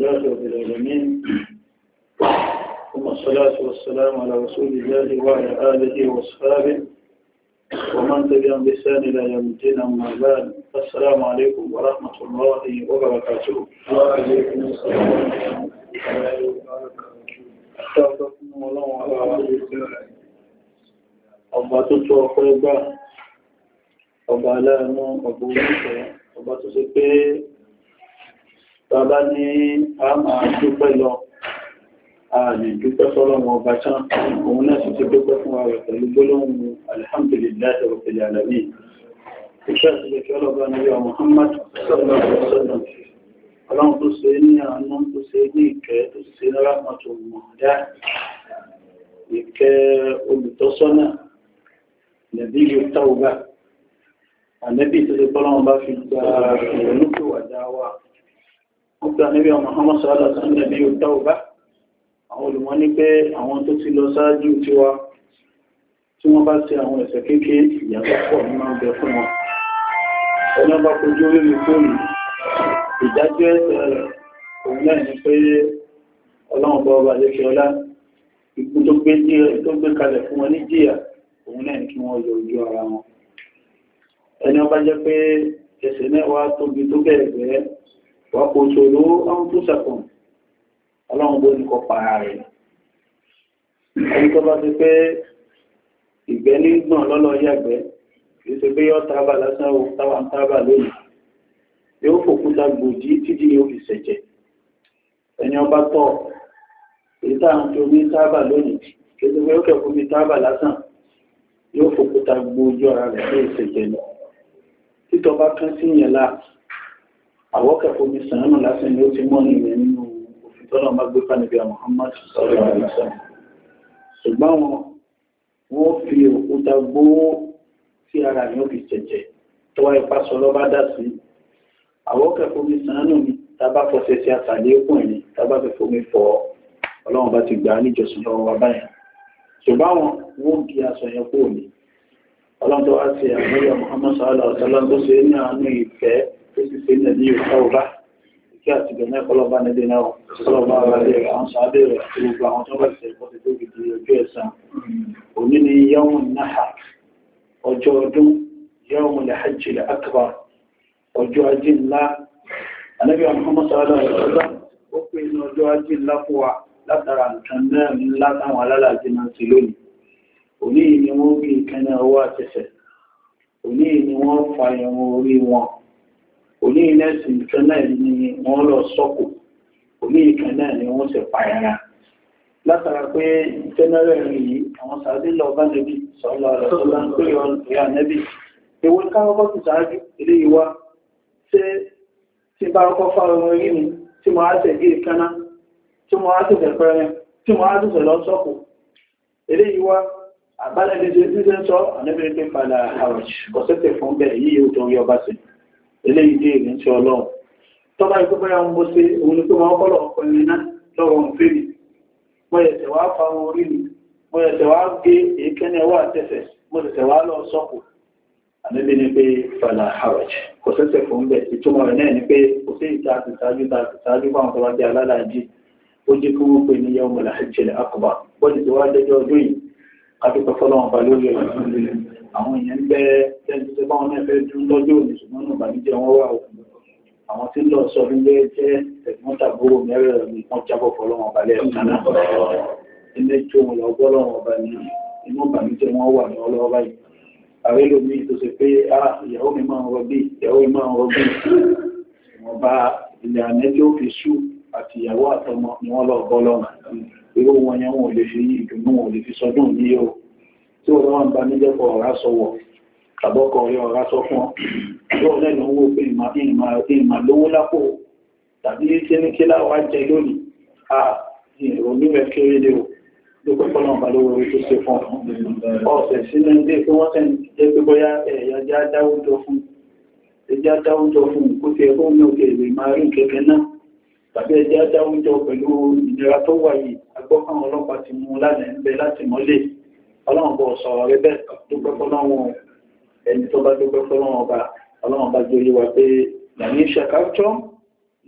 لله رب العالمين ثم الصلاة والسلام على رسول الله وعلى آله وأصحابه ومن تبعهم بإحسان إلى يوم الدين أما بعد السلام عليكم ورحمة الله وبركاته. وعليكم السلام ورحمة الله وبركاته. الله ọba tó tó ọpẹ́ gbà ọba aláàánú ọba ọba tó ṣe pé bàbá ní a máa dúpẹ́ lọ ààrẹ dúpẹ́ fọ́lọ́wọ́ ọba tán òun náà sì ti dúpẹ́ fún ààrẹ pẹ̀lú gbólóhùn alhamdulillah rabbil alamin iṣẹ́ ìṣẹ́kẹ́ ọlọ́bá ní yọ Muhammad sallallahu alaihi wasallam ọlọ́run tó ṣe ní àánú tó ṣe ní ìkẹ́ tó ṣe ní rámọ́tò mọ̀dá ìkẹ́ olùtọ́sọ́nà nàbí yóò táwọ́ bá ànẹ́bí tó ṣe fọ́lọ́wọ́n bá fi gba ìrònúkúwàdá wa ọgbà níbi ọmọ ọmọ sọ́lá sọ́lá ní ọjọ́ ọba àwọn olùmọ́ ní pé àwọn tó ti lọ sáájú tí wá tí wọ́n bá ṣe àwọn ẹ̀ṣẹ̀ kéèké ìyàtọ̀ pọ̀ ní máa ń bẹ fún wọn ẹni ọba kojú orí fóònù ìdájọ́ ẹ̀ṣẹ̀ rẹ̀ òun náà ni pé ọlọ́run bọ́ ọba tó gbé kalẹ̀ fún wọn ní jìyà òun náà kí wọ́n yọ ojú ara wọn ẹni ọba jẹ́ pé ẹ̀ṣẹ̀ náà tóbi tó bẹ̀rẹ̀ wọ́n kò ṣòro ọ̀hún tó ṣẹ̀kùn ọlọ́run bó ní kọ para rẹ̀ ẹni tó bá ti pé ìgbẹ́ ní gbọ̀n lọ́lọ́ yàgbẹ́ kìí ṣe pé yọ́ tábà lásán ò táwa ń tábà lónìí yóò fòkúta gbòdì títí ní òfì ṣẹ̀jẹ̀ ẹni ọba tọ̀ èyí tá à ń torí tábà lónìí kìí ṣe pé ó kẹ̀kọ́ mi tábà lásán yóò fòkúta gbòdì ọ̀rá rẹ̀ ní ìṣẹ̀jẹ̀ lọ títọ́ bá kán sí yẹn láà àwọ́kẹ̀kọ́ ní sàánù lásán ni ó ti mọ́ nílẹ̀ nínú òfin tọ́lọ̀ má gbé fánibí Muhammad sọ́rọ̀ ìgbésẹ̀ ṣùgbọ́n wọn wọ́n fi òkúta gbó tí ara yóò fi jẹ̀jẹ̀ tó wáyé pásọ lọ́bá dá sí àwọ́kẹ̀kọ́ ní sàánù ni tábà fọṣẹ sí àtàlẹ́ òkun ẹ̀ní tábà fẹ́ fomi fọ ọlọ́run bá ti gbà á lọ́wọ́ wa báyìí ṣùgbọ́n wọn wọ́n di aṣọ yẹn kúrò ọlọ́run tó wá sí àmúyọ Muhammad sọ́lá ọ̀sọ́lọ́run tó ṣe ní àánú ìfẹ́ tó sì ṣe ní ìfẹ́ ọba kí àti ìgbẹ̀mẹ́ ọlọ́ba nídé náà ọlọ́ba ọba lè rà ń sáábẹ̀ rẹ̀ àti gbogbo àwọn tó bá ti ṣẹ̀kọ́ ti tó gidi ojú ẹ̀sán òní ni yawm náà ọjọ́ ọdún yawm al-hajj al-akbar ọjọ́ ajé ńlá anábì Muhammad sọ́lá ọ̀sọ́lọ́run ó pè ní ọjọ́ ajé ńlá fún wa látara nǹkan náà ńlá táwọn alálàájì náà ti lónìí òní ni wọ́n gbé ìkẹ́nà owó àtẹsẹ̀ òní ni wọ́n fa ẹ̀wọ̀n orí wọn òní lẹ́sìn ìkan náà ni wọ́n lọ sọ́kù òní ìkan náà ni wọ́n sì pa ẹ̀ra látara pé jẹ́nẹ́rẹ̀ rìn yìí àwọn sàádé lọ bá nẹ́bí sọ́lọ́ rẹ̀ tó lá ń pè ọ́ ìyá nẹ́bí ewé káwọ́kọ́ ti tí mo á tẹ̀ gé tí mo á tẹ̀ tẹ̀ sọ́kù ilé ìwá àbálẹ́dẹ́dẹ́ tí ó ń sọ ànẹ́bẹ̀rẹ̀ pé padà àwọ̀jù ọ̀sẹ̀tẹ̀ fún bẹ́ẹ̀ yìí yóò ni pé wọn kọ́lọ̀ ọkọ̀ ẹni náà lọ́rọ̀ ń fẹ́ mi mo yẹ̀sẹ̀ wá fa wọn orí mi mo yẹ̀sẹ̀ wá gé ni pé padà àwọ̀jù ọ̀sẹ̀tẹ̀ fún bẹ́ẹ̀ ìtumọ̀ rẹ̀ náà ni pé kò sí ìta àti ìtajú ta àti ìtajú fáwọn tó wá jẹ́ alálàájì ó jẹ́ kí wọ́n pè ní yẹ́wọ́n mọ̀lá àjẹlẹ̀ àkọ́bà wọ́n ti wá dẹjọ́ ọdún yìí kápẹ́tọ̀ fọ́lọ́wọ́n bá lórí ọ̀rọ̀ ìlú àwọn èèyàn ń bẹ́ẹ̀ tẹ́jú tó báwọn náà fẹ́ dún lọ́jọ́ òní ṣùgbọ́n náà bàmíjẹ́ wọn wà òkú àwọn tí lọ sọ nílé jẹ́ ẹ̀gbọ́n tàbúrò mẹ́rẹ̀ ní wọ́n jábọ̀ fọ́lọ́wọ́n balẹ̀ ọ̀kan náà ilé tí òun lọ gbọ́lọ́wọ́n ọba ní inú bàmíjẹ́ wọn wà ní ọlọ́wọ́ báyìí ààrẹ lómi tó ṣe pé ìyàwó mi máa ń rọbí irú wọn yẹn wọn ò lè fi ìdùnnú wọn ò lè fi sọdún ní o tí wọn wọn bá níjẹ́ pọ̀ ọ̀rá sọ wọ̀ tàbọ́kọ̀ ọ̀rẹ́ ọ̀rá sọ fún ọ yóò lẹ́nu owó pé ìmà lówó lápò tàbí tí ní kí láwá jẹ lónìí à ìrònú rẹ̀ kéré lé o ló pẹ́ pọ́nà ọ̀bà lówó orí tó ṣe fún ọ̀sẹ̀ sílẹ̀ ń dé pé wọ́n tẹ̀ jẹ́ pé bóyá ẹ̀yà já dáwùjọ fún ẹjá dáwùjọ fún kó ti ẹ̀kọ́ ní òkè ìlú ìmá rí kẹ̀kẹ́ náà tàbí ẹjá dáwùjọ pẹ̀lú ìnira tó wà yìí agbọ́kàn ọlọ́pàá ti mú lálẹ́ ń bẹ láti mọ́lé ọlọ́run bọ̀ sọ̀rọ̀ rẹ bẹ́ẹ̀ dúpẹ́ fọlọ́run ẹni tó bá dúpẹ́ fọlọ́run ọba ọlọ́run bá gbé wa pé làní ṣàkàtọ́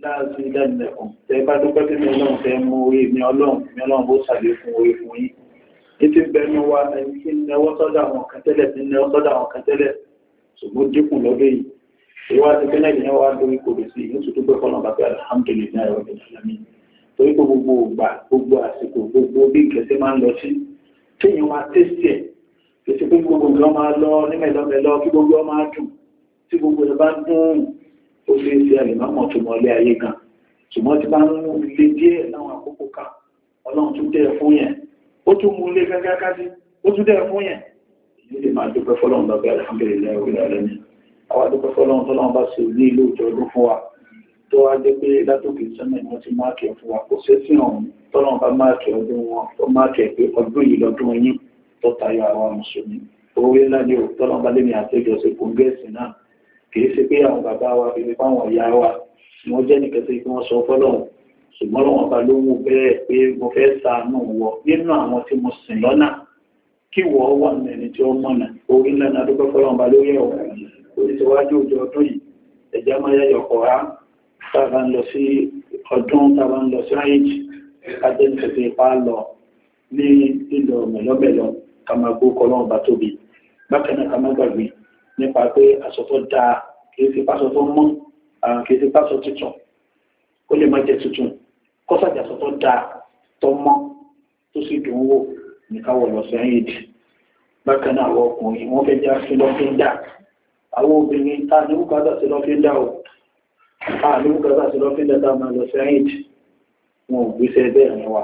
láàzú ìdánilẹ̀kùn tẹ bá dúpẹ́ pé mi ọlọ́run fẹ́ mú orí mi ọlọ́run mi ọlọ́run bó sàlẹ̀ fún orí fún yín ní ti bẹnu wa ẹni tí ìwádìí pé ìyẹn wá lórí kòrò sí ìyẹn tó dúpẹ́ fọlọ́run bá pé alhamdulilayi ọ̀gbìn alamin torí pé gbogbo ògbà gbogbo àsìkò gbogbo bí ìkẹsẹ̀ máa ń lọ sí téèyàn máa tẹ́sí ẹ̀ kìí pé gbogbo ìlọ máa lọ ní mẹ́lọmẹ́lọ kí gbogbo ọmọ dùn tí gbogbo ìlọ dùn ó lè ṣe àlèmọ́mọ̀ tó mọ̀ ilé ayé gan ṣùgbọ́n ti bá ń lè díẹ̀ láwọn àkókò kan ọlọ́run tún tẹ́ fún yẹn ó tún mú ilé gágágá sí ó tún tẹ́ fún yẹn ìlú lè máa dúpẹ́ fọlọ́run lọ́gbẹ́ alhamdulilayi àwọn dúpẹ́ fọlọ́run tọ́lọ́run bá ṣe ní ilé ìjọ ọdún fún wa tó wá jẹ́ pé látòkè sọ́nà ìwọ̀n ti máàkì fún wa kò ṣe sí ọ̀hún tọ́nà bá máàkì ọdún wọn tó máàkì pé ọdún yìí lọ́dún yín tó tayọ àwa mùsùlùmí owó ńlá ni ò tọ́nà bá lémi àtẹ́jọ́ sí kòǹgẹ́sì náà kìí ṣe pé àwọn bàbá wa fi fi fáwọn ìyá wa wọn jẹ́ nìkan sí kí wọ́n sọ fọ́lọ́hún ṣùgbọ́n lọ́wọ́n bá ló wù bẹ́ẹ̀ pé mo fẹ́ ṣàánú wọ nínú àwọn tí mo sìn lọ́nà kí wọ́n wà nẹni tí ó mọ̀nà orí ńlá ni adúgbò fọ́lọ́hún bá lórí ẹ̀wọ̀n orí ti òjò ọdún yìí ẹ̀jẹ̀ máa yẹ yọ̀kọ̀ rá tàbá ń lọ sí ọdún tàbá ń lọ sí àìjì adẹ́nfẹ̀fẹ̀ ipá lọ ní ìlọ mẹ̀lọ́mẹ̀lọ́ kàmàgbó kọlọ́run bá tóbi bákan náà kàmàgbàgbé nípa pé aṣọ tó dáa kìí fi pásọ tó mọ́ kìí fi pásọ tuntun ó lè má jẹ tuntun kọ́sàjà aṣọ tó dáa tó mọ́ tó sì dùn wò nìkan wọ̀ lọ sí àìjì bákan náà àwọn ọkùnrin wọ́n fẹ́ jẹ́ àfihàn lọ́fíńdà àwọn obìnrin tá a ní bùkátà sí lọ́fíńdà o àní ah, bùkátà sí lọ́fíńdà tá a máa lọ sí ẹ̀yìn wọn ò gbéṣẹ́ bẹ́ẹ̀ ni wa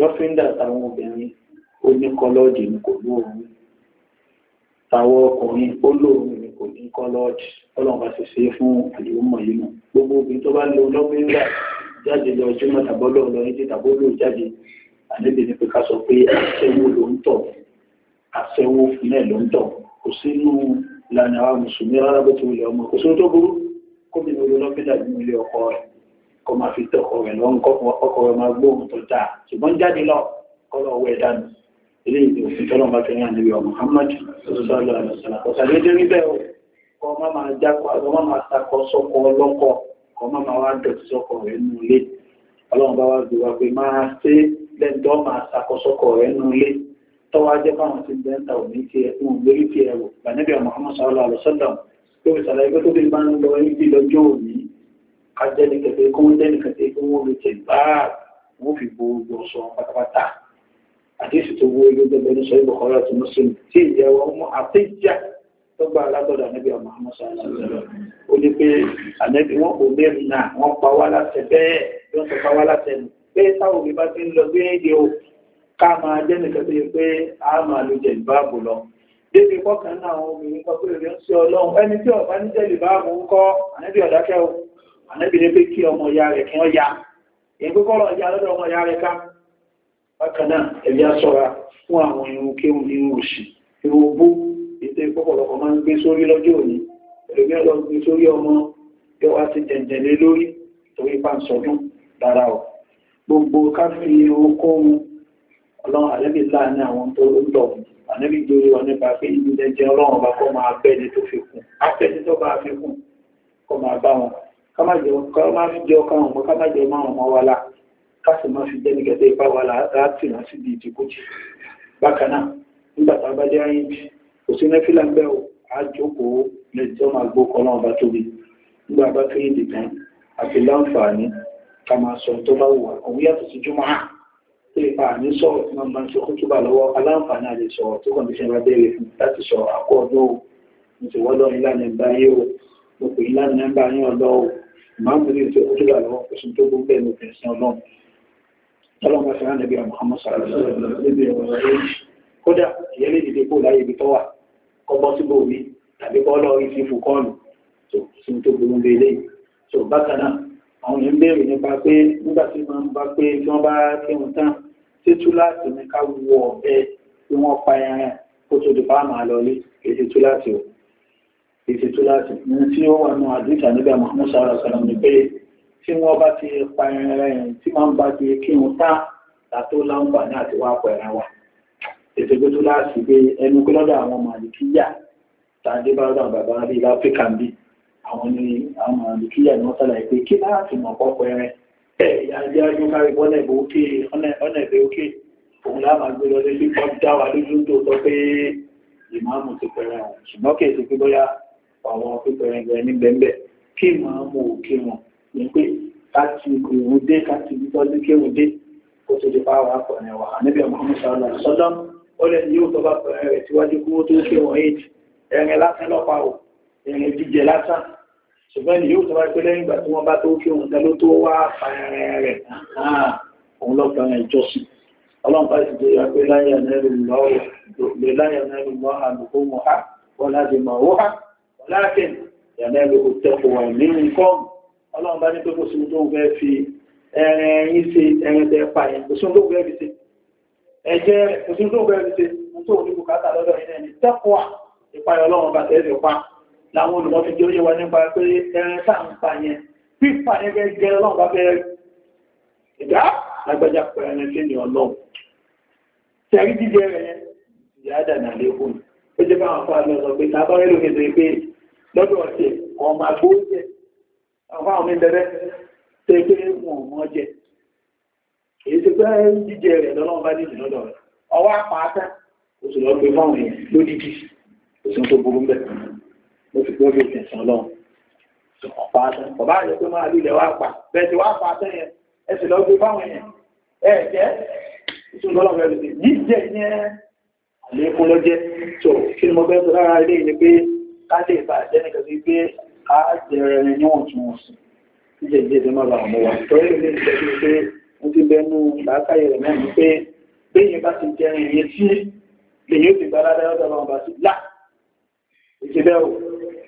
lọ́fíńdà táwọn obìnrin ó ní kọ́lọ́ọ̀dì ni kò ní òun táwọn ọkùnrin ó lóun ni kò ní kọ́lọ́ọ̀dì ọlọ́run bá ti ṣe é fún àdéhùnmọ̀ yìí nù gbogbo obìnrin tó bá lo lọ́fíńdà jáde lọ jùmọ̀ tàbọ́lọ́ lọ ní tàbọ́lọ́ jáde àníbi ni pé ká sọ pé àṣẹwó ló kóbi lórí ọlọ́fẹ́dà nínú ilé ọkọ rẹ̀ kó máa fi tọkọ rẹ̀ lọ ń kọ́kọ́ ọkọ rẹ̀ máa gbóhùn tó dáa ṣùgbọ́n jáde lọ kọ́lọ̀ ọwọ́ ẹ̀ dànù ilé ìdè òfin tọ́lọ́ bá fẹ́ yàn níbi ọmọ Muhammad sọ́lọ́ àlọ́sọ́lá ọ̀sà déédéé níbẹ̀ o kọ́ má wa pé máa ṣe lẹ́ńdọ́ máa takọ sọ́kọ rẹ̀ nù ilé tọ́wọ́ ajẹ́ fáwọn ti bẹ́ńtà òní tiẹ̀ ń gbérí tiẹ̀ wò gbànẹ́bí ọmọ Muhammad sọ́lọ́ tó fi sàlàyé pé tó fi máa ń lọ níbi lọ́jọ́ òní kájẹ́nìkẹ̀tẹ̀ kó ń jẹ́nìkẹ̀tẹ̀ kí wọ́n lè tẹ̀ bá wọ́n fi bo ojú ọ̀sán pátápátá àdéhùn tó wó ilé gbẹgbẹ ní sọ́yìn bọ̀kọ́rọ́ àti mùsùlùmí tí ìyàwó ọmọ àtẹ́jà tó gba alátọ̀dọ̀ ànábì ọmọ àmọ́sá ìṣẹ̀lẹ̀ ó ní pé ànábì wọn kò mẹ́rin náà wọ́n pa wá láti bẹ́ẹ̀ yọ́n sọ pa wá láti ẹnu pé táwọn òbí bá ti ń lọ gbé èdè o débi kọkàn náà àwọn obìnrin kan pé rẹ̀ ń sí ọlọ́run ẹni tí ọ̀bá ní tẹ̀lé bá mú ń kọ́ ànẹ́bí ọ̀dákẹ́ o ànẹ́bí ní pé kí ọmọ ya rẹ̀ kí ya ọmọ ya rẹ̀ ká bákan náà ẹ̀bí á sọ́ra fún àwọn irun kéhùn nínú òṣì irun ogbó ètò ìpọ́pọ̀lọpọ̀ máa ń gbé sórí lọ́jọ́ òní ẹ̀lòmí gbé sórí ànábì gbòòrò wọn nípa pé ibi jẹjẹ ọlọ́run ọba kọ́ máa bẹ́ ni tó fi kún afẹ́ni tó bá fi kún kọ́ máa bá wọn ká má fi jẹ ọkàn wọn ká má jẹ márùn mọ́ wa la ká sì má fi jẹ́ni gẹ́gẹ́ ipá wa la láti rán sí di ìdíkújì bákan náà nígbà tá a bá jẹ́ ayé jì kò sí nẹ́fílà ń bẹ́ o àjókòó lẹ́jọ́ máa gbó kọ́ ọlọ́run ọba tóbi nígbà bá fi yìí dìtàn àti láǹfààní ká máa sọ tó bá wù wá òun yàtọ̀ sí jùmọ̀ pé àní sọ̀rọ̀ tí wọ́n máa ń ṣe kó túbà lọ́wọ́ aláǹfààní àlè sọ̀rọ̀ tó kàn ní ṣe wá bẹ̀rẹ̀ fún láti sọ àkọ́ọ̀dọ́ o mo sì wọ́n lọ́rin lánàá ń báyé o mo pè é lánàá ń o màá mú ní ìṣe kó túbà lọ́wọ́ kò sí tó gbó bẹ́ẹ̀ mo Muhammad sallallahu alaihi wasallam kódà ìyẹn lè dìde kó láyé ibi tó wà kọ́ bọ́ síbò mi tàbí kọ́ lọ́ọ́ ìfi fún kọ́ọ̀lù tó sí tó burú ń bẹ eléyìí tó bákan náà àwọn èèyàn béèrè nípa pé nígbà wọ́n bá pé tí wọ́n bá kírun tán títú láti ní ká wọ ọ̀bẹ tí wọ́n pa ẹran kó tó di fáàmù àlọ́lé èsì tú láti o èsì tú láti ní tí ó wà nù àdúgbà níbẹ̀ mọ̀mọ́ sára sọ̀rọ̀ ní pé tí wọ́n bá ti pa ẹran ẹ̀yìn tí máa bá ti kí wọn tá tàtó láǹfààní àti wá pa ẹran wa èsì pé tú láti pé ẹnu pé lọ́dọ̀ àwọn màlìkíyà tàdé bá lọ́dọ̀ bàbá rí láfíríkà bí àwọn ní àwọn màlìkíyà ni wọ́n sálàyé pé kí láti mọ̀ pọ́pọ̀ ẹran ẹ̀yà yóò kárí ọ̀nà ẹ̀bẹ̀ òkè òun láàmà gbé lọ lé lípọ̀ dáwà lójú tó tọ́ pé ìmáàmù ti pẹ̀rẹ̀ wọn ṣùgbọ́n kìí ti gbóyá àwọn pípẹ̀rẹ̀ rẹ̀ ní bẹ̀m̀bẹ̀ kí ìmáàmù òkè wọn ní pé láti ìrùn dé láti ìbítọ́ sí kéwù dé ó ti di pàwọ́ àpọ̀rẹ̀ wà níbi ọmọ sọ́lọ́ sọ́dọ́ ó lẹ́ yóò tọ́ bá pẹ̀rẹ̀ rẹ̀ tíwájú kúrò tó ṣe wọ̀nyí ẹ̀rìn lásán lọ́pàá ò ẹ̀rìn jíjẹ lásán ṣùgbọ́n ni yóò tọ́wá pé lẹ́yìn ìgbà tí wọ́n bá tó fi òun tẹ́ló tó wá fàyẹ̀rẹ̀ rẹ̀ ah, òun lọ́gbọ̀n ìjọsìn ọlọ́pàá ìsìnkú ya pé láyé ẹ̀nẹ́rù lọ́ àlùkò mọ̀ ha wọ́n láti mọ̀ owó ha tó fẹ́ fi ẹ̀rẹ̀ ẹ̀rẹ̀ tẹ́ pa yẹn kò sínú tó fẹ́ fi láwọn olùmọ́ fi jẹ́ orí wa nípa pé ẹran tá ń pa yẹn pípa yẹn gẹ́gẹ́ ọlọ́run bá bẹ́ẹ̀ ìdá lágbájá pẹ̀lú ẹni tí ní ọlọ́run tẹ̀rí jíjẹ rẹ̀ yẹn ìyá dànà lékún ó jẹ́ báwọn afọ àlọ́ sọ pé tàbá rẹ̀ lókè tó pé lọ́dọ̀ ọ̀sẹ̀ ọmọ agbóúnjẹ àwọn àwọn mi ló fi gbọ́ bí òfin sàn lọ. ọ̀pá àtàn bàbá àjọ pé máa lulẹ̀ wá pa bẹ́ẹ̀ ti wá pa àtàn yẹn ẹ sì lọ gbé fáwọn yẹn ẹ jẹ́ ìtúndọ́lọ́ fẹ́ lùdì jíjẹ yẹn àlékún ló jẹ́ tó kí ni mo fẹ́ sọ lára ilé ni pé ká lè bá jẹ́ nìkan sí pé ká jẹrẹ ẹni níwọ̀ntúnwọ̀nsì jíjẹ jíjẹ tó má bàa mọ́ wa torí ilé ìtọ́jú pé mo ti bẹnu làákàyè rẹ̀ mẹ́rin pé béèyàn bá ti jẹrin ìyẹn tí lèyìn ó ti gba aládàá ọ̀dọ̀ lá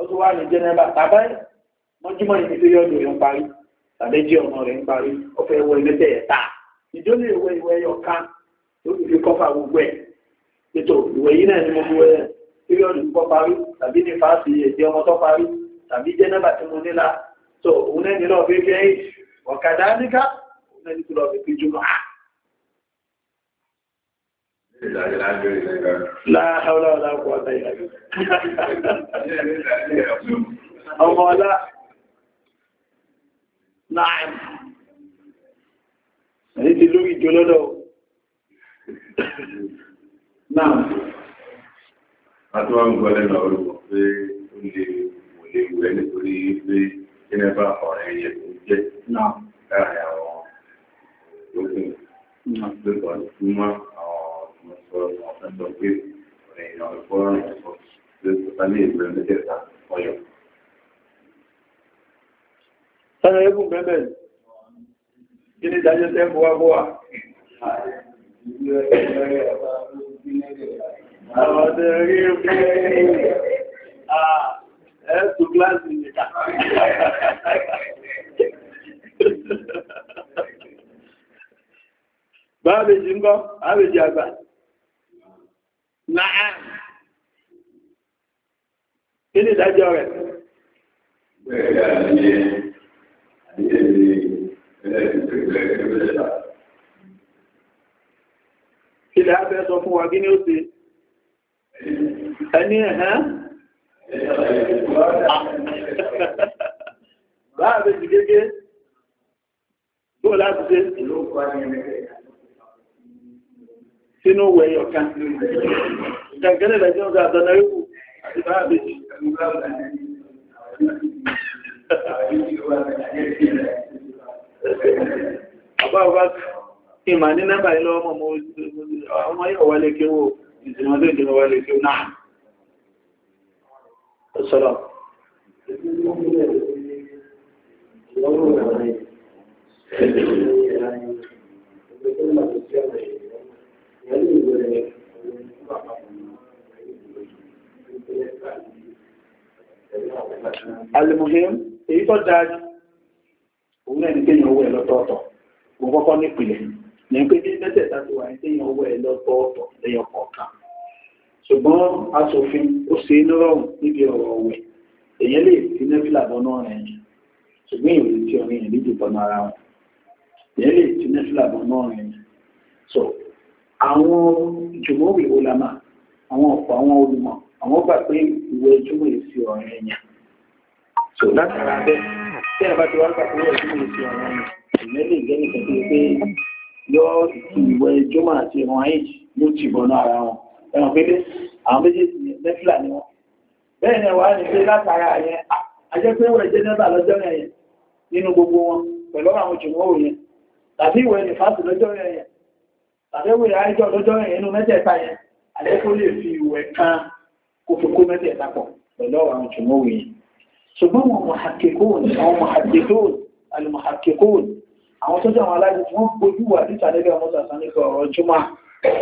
ó tún wá ní jẹ́nẹ́bà tàbá mọ́júmọ́ ní títí yọ́dọ̀ rẹ̀ ń parí tàbẹ́jì ọmọ rẹ̀ ń parí ó fẹ́ wọ ilé tẹ̀yẹ̀ tà ìjọ lè wẹ ìwẹ̀ ẹyọ ká tó fi kọ́fà gbogbo ẹ̀ ètò ìwẹ̀ yìí náà ni mo fi wẹ píríọ̀dù tó parí tàbí ní fásitì èdè ọmọ tó parí tàbí jẹ́nẹ́bà tí mo nílá tó òun náà nílò fi fẹ́ ọ̀kadà níká òun náà nílò fi fi jùmọ̀ á ah! láàáwọ̀lá ọ̀làkọ̀ ọ̀tà ìlàjọ́. Ọmọ ọlá náà ní ti lórí ìjọ lọ́dọ̀ náà. A tó wá ń gbọ́ lẹ́nà orúkọ pé ó lè wò lè wẹ́ nítorí pé Jẹ́nẹ́bà ọ̀rẹ́ yẹ tó jẹ́ láàárín àwọn òkú por Sára ẹkùn bẹ́bẹ̀ kí ní ìdájọ́ tẹ́ buwá buwá? Àwọn ọdẹ rí pé ẹ̀ẹ́sù gláàsì nìta. Báàbèjì ń gọ́, àbèjì àgbà náà kí ni ìdájọ́ rẹ̀ Kí ni a fẹ́ sọ fún wa kí ni ó ti? Ẹni ẹ̀hán? Báà bẹ́ jù gẹ́gẹ́? Bóò láti ṣe? Ìlú ọkọ̀ ayẹyẹ. sínú wẹ̀ ọ̀kan gàgẹ́lẹ̀ lẹ́jọ́ ọ̀dọ̀ àdọ́nà ikú àti bá àbẹ́jì na ìmà ní nẹ́bà ilọ́ ọmọ ọmọ yíò wà alimuhim èyí tó dájú òun ẹni kéèyàn owó ẹ̀ lọ́tọ̀ọ̀tọ̀ òun kọ́kọ́ nípìnlẹ̀ ní pé bí mẹ́tẹ̀ẹ̀ta ti wà ní kéèyàn owó ẹ̀ lọ́tọ̀ọ̀tọ̀ lẹ́yọ kọ̀ọ̀kan ṣùgbọ́n aṣòfin ó ṣe é nírọ̀rùn níbi ọ̀rọ̀ ọ̀wẹ̀ èyàn lè fi nẹ́fìlà bọ́nà rẹ̀ yẹn ṣùgbọ́n ìwé tí ọ̀rẹ́ yẹn lè dìbọn ara wọn èyàn lè fi nẹ́fìlà bọ́nà rẹ̀ yẹn so àwọn jùmọ̀wé olàmà àwọn ọ̀pọ̀ àwọn olùmọ̀ àwọn gbà pé ìwẹ̀ jùmọ̀ èsì ọ̀rọ̀ ẹ̀yà tó látara bẹ́ẹ̀ tí a bá ti wá gbà pé ìwẹ̀ jùmọ̀ èsì ọ̀rọ̀ ẹ̀yà ìmẹ́ lè jẹ́ nìkan tó pé yọ ìwẹ̀ jùmọ̀ àti ìran àìjì ló ti bọ̀nà ara wọn ẹ̀wọ̀n pé àwọn méjèèjì mẹ́fìlà ni wọn bẹ́ẹ̀ ni wàá ní pé látara yẹn ajẹ́pẹ́ ìwẹ̀ jẹ́ nẹ́bà lọ́jọ́ yẹn nínú gbogbo wọn pẹ̀lú àwọn jùmọ̀wé yẹn tàbí ìwẹ̀ nìfàsì lọ́jọ́ yẹn tàbẹ́wò àìjọ lọ́jọ́ ẹnu mẹ́tẹ̀ẹ̀ta yẹn alẹ́ tó lè fi ìwẹ̀ kan kó fi kó mẹ́tẹ̀ẹ̀ta pọ̀ pẹ̀lú àwọn jùmọ̀wé yìí ṣùgbọ́n wọn mọ̀hàkẹ́kọ́ọ̀n àwọn mọ̀hàkẹ́kọ́ọ̀n alùmọ̀hàkẹ́kọ́ọ̀n àwọn tó jẹ́ àwọn aláàjì tí wọ́n gbójú wà ní ìtàlẹ́gbẹ̀ ọmọ sàṣán nípa ọ̀rọ̀ jùmọ̀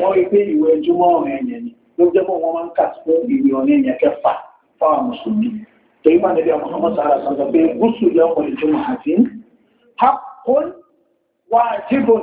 wọ́n rí pé ìwẹ̀ jùmọ̀ ọ̀rẹ́ ẹ̀yẹn ni ló jẹ́ mọ́ wọn máa ń kà fún ìwẹ̀ ọ̀rẹ́ ẹ̀yẹn kẹfà fáwọn mùsùlùmí torí máa níbi àwọn ọmọ sàrà sọ̀tọ̀ pé gúúsù lọ́pọ̀ ìjùmọ̀ àti hápọ́n wájibọ̀n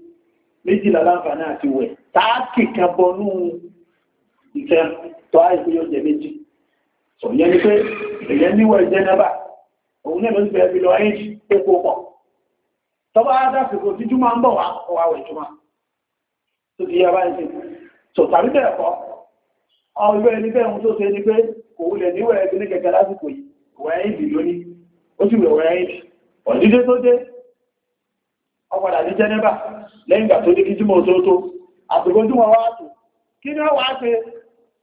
méjìlá láǹfààní àti wẹ̀ táàkì kan bọnú ìfẹ́ tó àìsí yóò jẹ méjì sọ̀yẹ́ ni pé èyẹ níwẹ̀ jẹ́ nẹ́bà òun náà ló ti bẹ̀rẹ̀ bílọ ẹ́yìn epo pọ̀ tọ́bá dásìkò tí júmọ́ ń bọ̀ wá ọwà wẹ̀ júmọ́ tó ti yẹ bá ń ṣe sọ tàbí bẹ̀rẹ̀ kọ́ ọmọ ìwé ẹni bẹ́ẹ̀ tó ṣe ni pé kò wulẹ̀ níwẹ̀ ẹgbẹ́ kẹkẹ lásìkò yìí wẹ̀ ẹ́yìn lónìí ó sì wẹ̀ wẹ̀ ẹ́yìn ọ̀dídé tó dé ọpadà ní jẹ́nẹ́bà lẹ́yìn ìgbà tó ní kí jímọ̀ tó tó àtìkò tí wọ́n wá tó kí ní wọ́n wá ṣe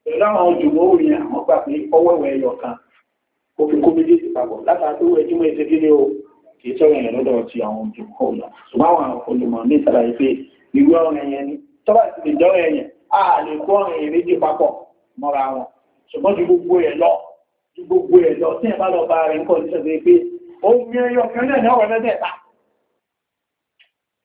pẹ̀lú àwọn jùmọ̀ òyìn àwọn gbà pé ọwọ́wẹ̀ ẹyọ kan ó fi kó méjèèjì papọ̀ látara tó wẹ̀ jímọ̀ ètè kíní o kì í sọ̀rọ̀ yẹn lọ́dọ̀ ti àwọn jùmọ̀ ọ̀la ṣùgbọ́n àwọn olùmọ̀ ní ìsàlàyé pé irú ọ̀rọ̀ yẹn ni tọ́ba ti lè jọ́rọ̀ kọ́ ní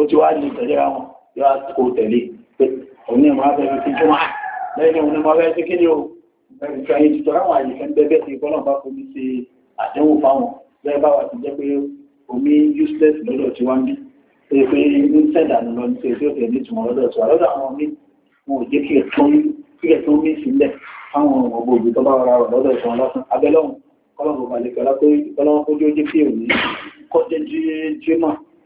ó ti wá ní ìtẹ̀lẹ́ra wọn yóò kó tẹ̀lé pé òní ìmọ̀ ti jọ́ máa lẹ́yìn òní ìmọ̀ kí ni o ìgbà yìí àwọn àyíká ń bẹ́ẹ̀ ti bọ́lá bá fomi ṣe àdéhùn fáwọn bẹ́ẹ̀ ti jẹ́ pé omi useless lọ́dọ̀ tí wá ń bí pé ní sẹ́dà lọ ní pé tí ní ìtumọ̀ lọ́dọ̀ tí wà lọ́dọ̀ àwọn míì wọn ò jẹ́ kí ẹ̀ tún mí sílẹ̀ fáwọn ọmọ tó bá wà rárọ̀ lọ́dọ̀ ìṣàn lásán abẹ́lọ́hùn kọ́lọ́mù balẹ̀ kọ́lá pé kọ́lọ́mù kójú ó jẹ́ kí ẹ̀ ní kọ́jẹ́ jí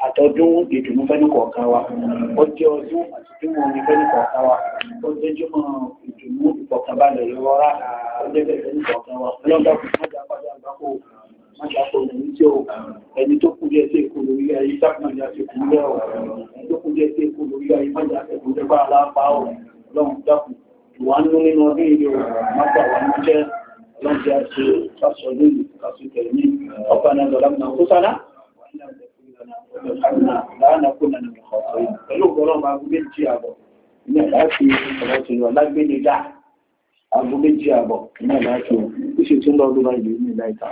àtọ́dún ìdùnnú fẹ́nìkọ̀ọ̀kan wa ó jẹ́ ọdún àtìdúnmọ̀ omi fẹ́nìkọ̀ọ̀kan wa ó jẹ́ jùmọ̀ ìdùnnú ìfọ̀kànbalẹ̀ ìrọ̀rá ó jẹ́ bẹ̀rẹ̀ fẹ́nìkọ̀ọ̀kan wa ọlọ́dọ̀kùn mọ́jà pàdé àgbákò mọ́jà kò ní tí ó ẹni tó kú jẹ́ sí èkó lórí ayé sápàjá sí kú lẹ́ ọ̀ ẹni tó kú jẹ́ sí èkó lórí ayé mọ́jà ẹ̀kọ́ lẹ́gbà alápá ọ̀ lọ́hùn dákùn ìwà ń nínú ọdún ìlú mọ́jà wà ní jẹ́ lọ́jà ṣe kásọ̀ lóyún kásọ̀ láàrín méjì àbọ̀ ní àláàfin ọ̀rọ̀ ó sì tún lọ́ọ́ lọ́wọ́ ní ìlà ìta